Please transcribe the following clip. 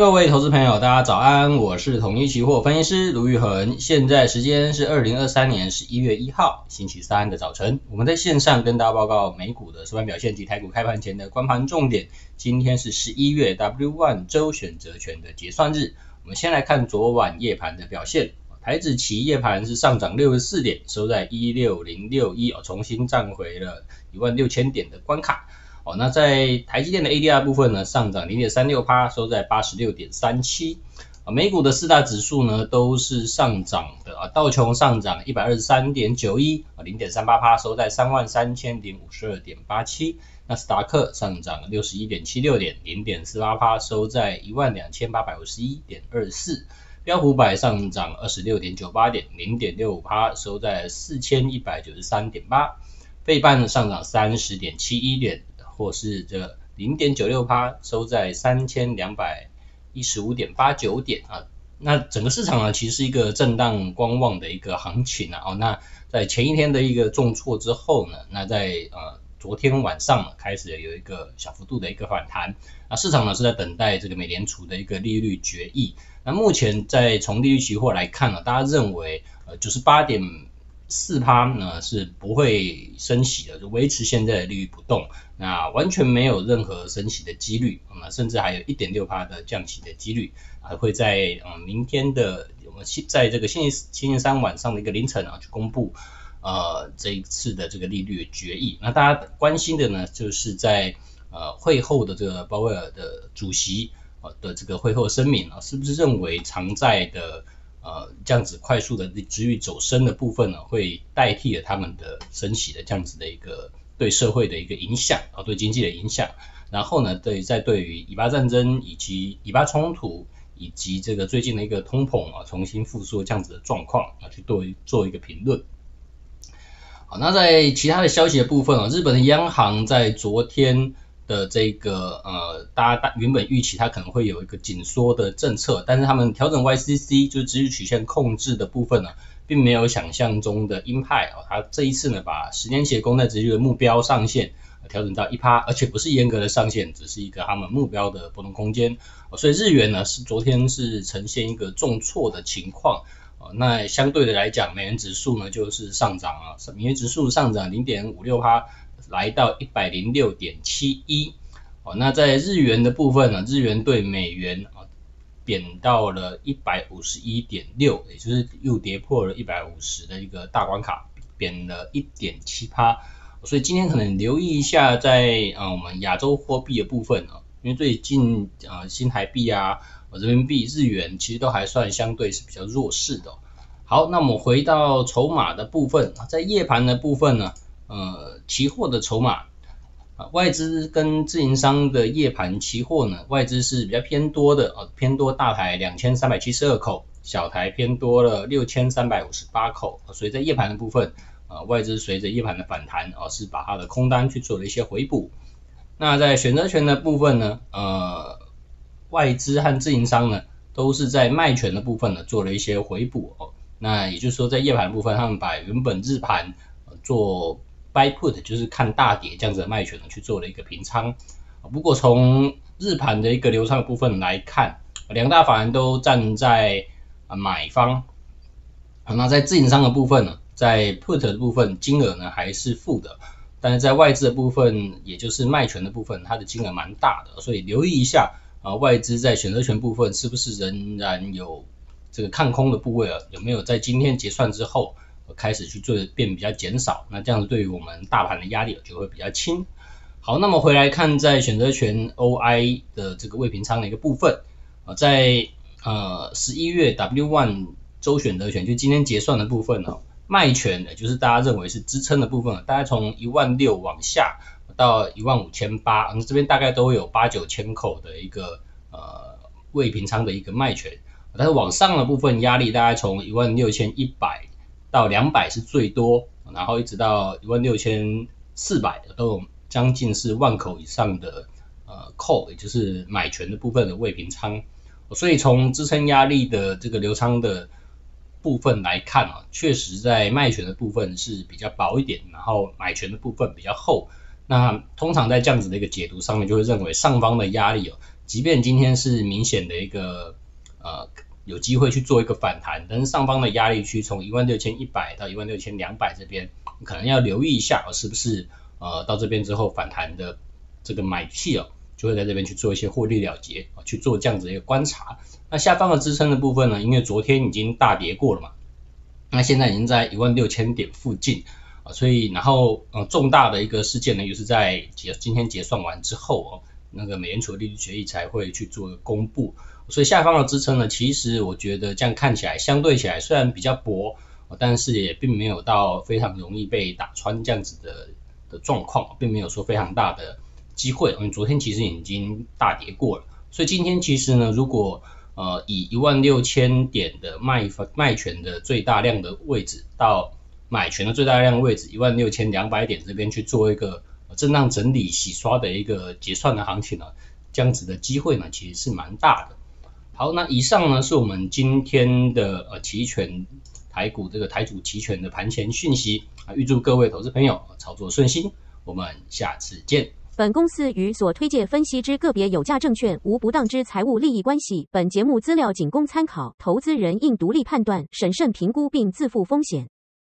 各位投資朋友，大家早安，我是統一期貨分析師盧昱衡，現在時間是二零二三年十一月一號星期三的早晨，我們在線上跟大家報告美股的收盤表現及台股開盤前的觀盤重點。今天是十一月 W 1周選擇權的結算日，我們先來看昨晚夜盤的表現，台指期夜盤是上漲六十四點，收在一六零六一，哦，重新站回了一萬六千點的關卡。哦，那在台積電的 ADR 部分呢，上漲零點三六%，收在八十六點三七。啊，美股的四大指數呢都是上漲的啊，道瓊上漲一百二十三點九一，啊零點三八%，收在三萬三千零五十二點八七。納斯達克上漲六十一點七六點，零點四八%，收在一萬兩千八百五十一點二四。標普百上漲二十六點九八點，零點六五%，收在四千一百九十三點八。費半呢上漲三十點七一點。或是這零點九六趴，收在三千兩百一十五點八九點啊，那整個市場呢其實是一個震盪觀望的一個行情啊。哦，那在前一天的一個重挫之後呢，那在呃昨天晚上呢開始有一個小幅度的一個反彈啊。那市場呢是在等待這個美聯儲的一個利率決議。那目前在從利率期貨來看呢、啊，大家認為呃九十八點。98. 四趴呢是不會升息的，就維持現在的利率不動，那完全沒有任何升息的幾率，啊、嗯，甚至還有一點六趴的降息的幾率，還會在嗯明天的我們在這個星期星期三晚上的一個凌晨啊去公布，呃這一次的這個利率決議，那大家關心的呢就是在呃會後的這個鮑威爾的主席、啊、的這個會後聲明啊，是不是認為長債的？呃，這樣子快速的止於走升的部分呢，會代替了他們的升息的這樣子的一個對社會的一個影響啊，對經濟的影響。然後呢，對再對於以巴戰爭以及以巴衝突以及這個最近的一個通膨啊，重新復蘇這樣子的狀況啊，去做做一個評論。好，那在其他的消息的部分啊，日本的央行在昨天。的這個呃，大家大原本預期它可能會有一個緊縮的政策，但是他們調整 YCC 就是殖利率曲線控制的部分呢，並沒有想象中的鷹派哦，它這一次呢把十年期公債殖利率的目標上限調、啊、整到一趴，而且不是嚴格的上限，只是一個他們目標的波動空間，哦、所以日元呢是昨天是呈現一個重挫的情況，哦、那相對的來講，美元指數呢就是上漲啊，美元指數上漲零點五六趴。來到一百零六點七一哦，那在日元的部分呢，日元兌美元啊，貶到了一百五十一點六，也就是又跌破了一百五十的一個大關卡，貶了一點七趴。所以今天可能留意一下，在啊我們亞洲貨幣的部分，因為最近啊新台幣啊、人民幣、日元其實都還算相對是比較弱勢的。好，那我們回到籌碼的部分啊，在夜盤的部分呢，呃，期貨的籌碼、呃，外資跟自營商的夜盤期貨呢，外資是比較偏多的，啊、呃，偏多大台兩千三百七十二口，小台偏多了六千三百五十八口，所以在夜盤的部分，啊、呃，外資隨着夜盤的反彈，而、呃、是把它的空單去做了一些回補。那在選擇權的部分呢，呃，外資和自營商呢，都是在賣權的部分呢做了一些回補，哦、呃，那也就是說在夜盤的部分，他們把原本日盤、呃、做。Buy put 就是看大跌這樣子的賣權去做了一個平倉，不過從日盤的一個流暢的部分來看，兩大法人都站在買方，那在自營商的部分呢，在 put 的部分金額呢還是負的，但是在外資的部分，也就是賣權的部分，它的金額蠻大的，所以留意一下啊，外資在選擇權部分是不是仍然有這個看空的部位啊？有沒有在今天結算之後？開始去做，變比較減少，那這樣子對於我們大盤的壓力就會比較輕。好，那麼回來看在選擇權 OI 的這個未平倉的一個部分啊，在呃十一月 W One 週選擇權就今天結算的部分呢，賣權的就是大家認為是支撐的部分，大概從一萬六往下到一萬五千八，這邊大概都會有八九千口的一個呃未平倉的一個賣權，但是往上的部分壓力大概從一萬六千一百。到兩百是最多，然後一直到一萬六千四百都有將近是萬口以上的呃，call 也就是買權的部分的未平倉，所以從支撐壓力的這個流倉的部分來看啊，確實在賣權的部分是比較薄一點，然後買權的部分比較厚。那通常在這樣子的一個解讀上面，就會認為上方的壓力哦，即便今天是明顯的一個呃。有機會去做一個反彈，但是上方的壓力區從一萬六千一百到一萬六千兩百這邊，可能要留意一下是不是呃到這邊之後反彈的這個買氣、喔、就會在這邊去做一些獲利了結啊、喔，去做這樣子一個觀察。那下方的支撐的部分呢，因為昨天已經大跌過了嘛，那現在已經在一萬六千點附近啊、喔，所以然後、呃、重大的一個事件呢，又是在結今天結算完之後哦、喔，那個美聯儲利率決議才會去做一個公布。所以下方的支撐呢，其實我覺得這樣看起來相對起來雖然比較薄，但是也並沒有到非常容易被打穿這樣子的的狀況，並沒有說非常大的機會。因為昨天其實已經大跌過了，所以今天其實呢，如果呃以一萬六千點的賣方賣權的最大量的位置到買權的最大量位置一萬六千兩百點這邊去做一個震盪整理洗刷的一個結算的行情呢，這樣子的機會呢其實是蠻大的。好，那以上呢，是我們今天的呃期權台股這個台指期權的盤前訊息啊，預祝各位投資朋友啊、操作順心，我們下次見。本公司與所推薦分析之個別有價證券無不當之財務利益關係，本節目資料僅供參考，投資人應獨立判斷、審慎評估並自負風險。